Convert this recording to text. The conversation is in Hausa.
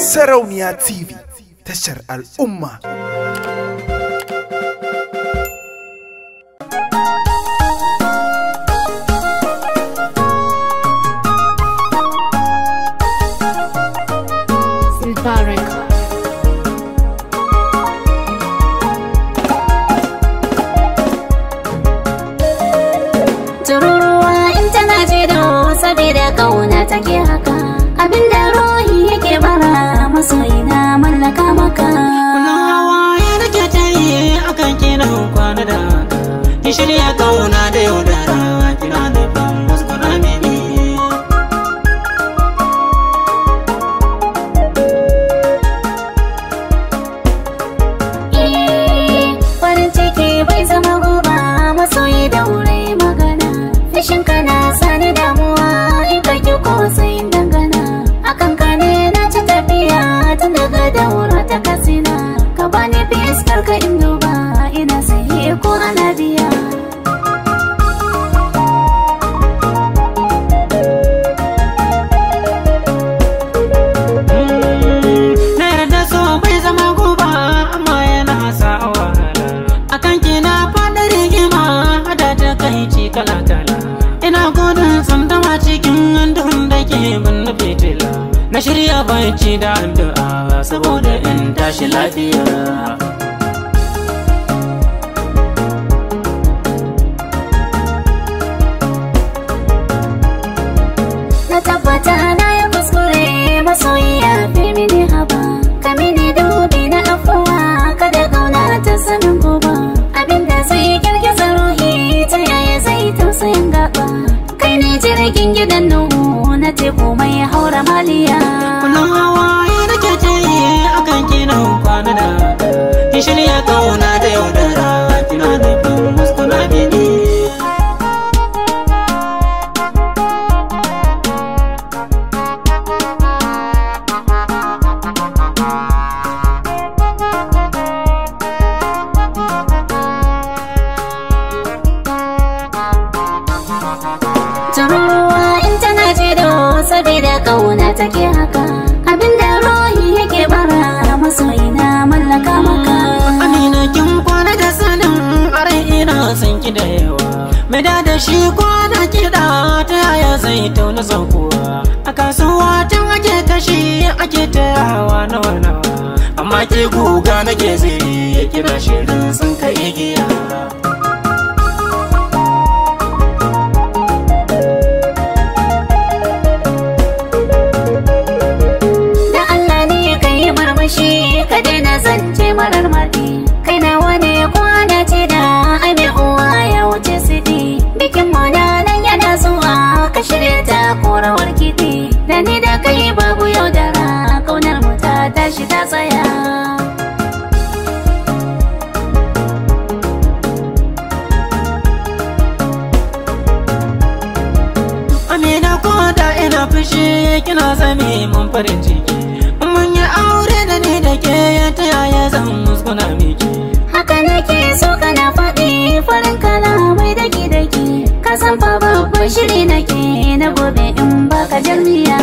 سرونيا تي في تشر الأمة تروروا انت ماجد سبيل قونتك ki shirya kauna da yaudara kina nufin muskuna mini eh, farin ciki bai zama goba masoyi da wurai magana fashin kana sani damuwa in ka ki kosayin dangana akan ka ne na ci tafiya tun daga daura ta kasina ka bani fiskar ka inda kala ina gudun tsandama cikin wandon da ke binne fitila na shirya barci da addu'a saboda in tashi lafiya na tabbata tausayin gaba kai ne jirgin gidan nuhu na teku mai haura maliya kullum shi kwana kiɗa ta yaya zai tauna zankuwa a kasuwa tun ake kashi ake tayawa nawa nawa amma ke guga ke zai ya kira shirin sun kai igiya Allah ne ka yi marmashi ka daina marar kai na wane tsaya Amina ko da ina fushi kina zami mun farin ciki mun yi aure da ni da ke ta zan muskuna miki haka nake so kana faɗi farin kala mai daki daki ka san fa babban shiri nake na gobe in baka jarmiya